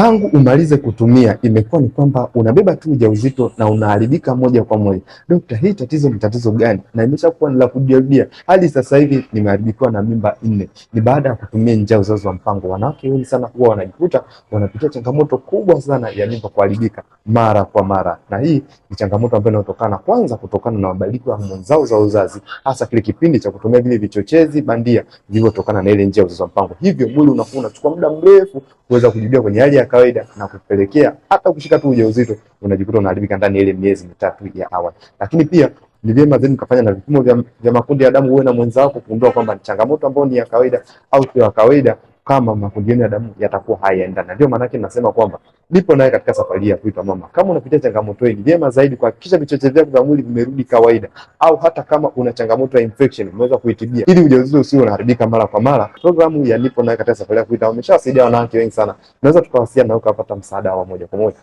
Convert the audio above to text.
tangu umalize kutumia imekuwa ni kwamba unabeba tu ujauzito na unaharibika moja kwa moja. Dokta, hii tatizo ni tatizo gani? Na imeshakuwa ni la kujirudia. Hadi sasa hivi nimeharibikiwa na mimba nne, ni baada ya kutumia njia uzazi wa mpango. Wanawake wengi sana huwa wanajikuta wanapitia changamoto kubwa sana ya mimba kuharibika mara kwa mara, na hii ni changamoto ambayo inatokana kwanza, kutokana na mabadiliko ya homoni zao za uzazi, hasa kile kipindi cha kutumia vile vichochezi bandia vilivyotokana na ile njia uzazi wa mpango. Hivyo mwili unakuwa unachukua muda mrefu kuweza kujirudia kwenye hali ya kawaida na kupelekea hata ukishika tu ujauzito unajikuta unaharibika ndani ya ile miezi mitatu ya awali. Lakini pia ni vyema zenu kafanya na vipimo vya, vya makundi ya damu uwe na mwenzako kugundua kwamba ni changamoto ambayo ni ya kawaida au sio ya kawaida kama makundiano ya damu yatakuwa hayaendana. Ndio maana yake nasema kwamba nipo naye katika safari ya kuitwa mama. Kama unapitia changamoto hii, vyema zaidi kuhakikisha vichocheo vyako vya mwili vimerudi kawaida, au hata kama una changamoto ya infection unaweza kuitibia, ili ujauzito usiwe unaharibika mara kwa mara. Programu ya nipo naye katika safari ya kuitwa mama imeshawasaidia wanawake wengi sana, naweza tukawasiliana nao ukapata msaada wa moja kwa moja.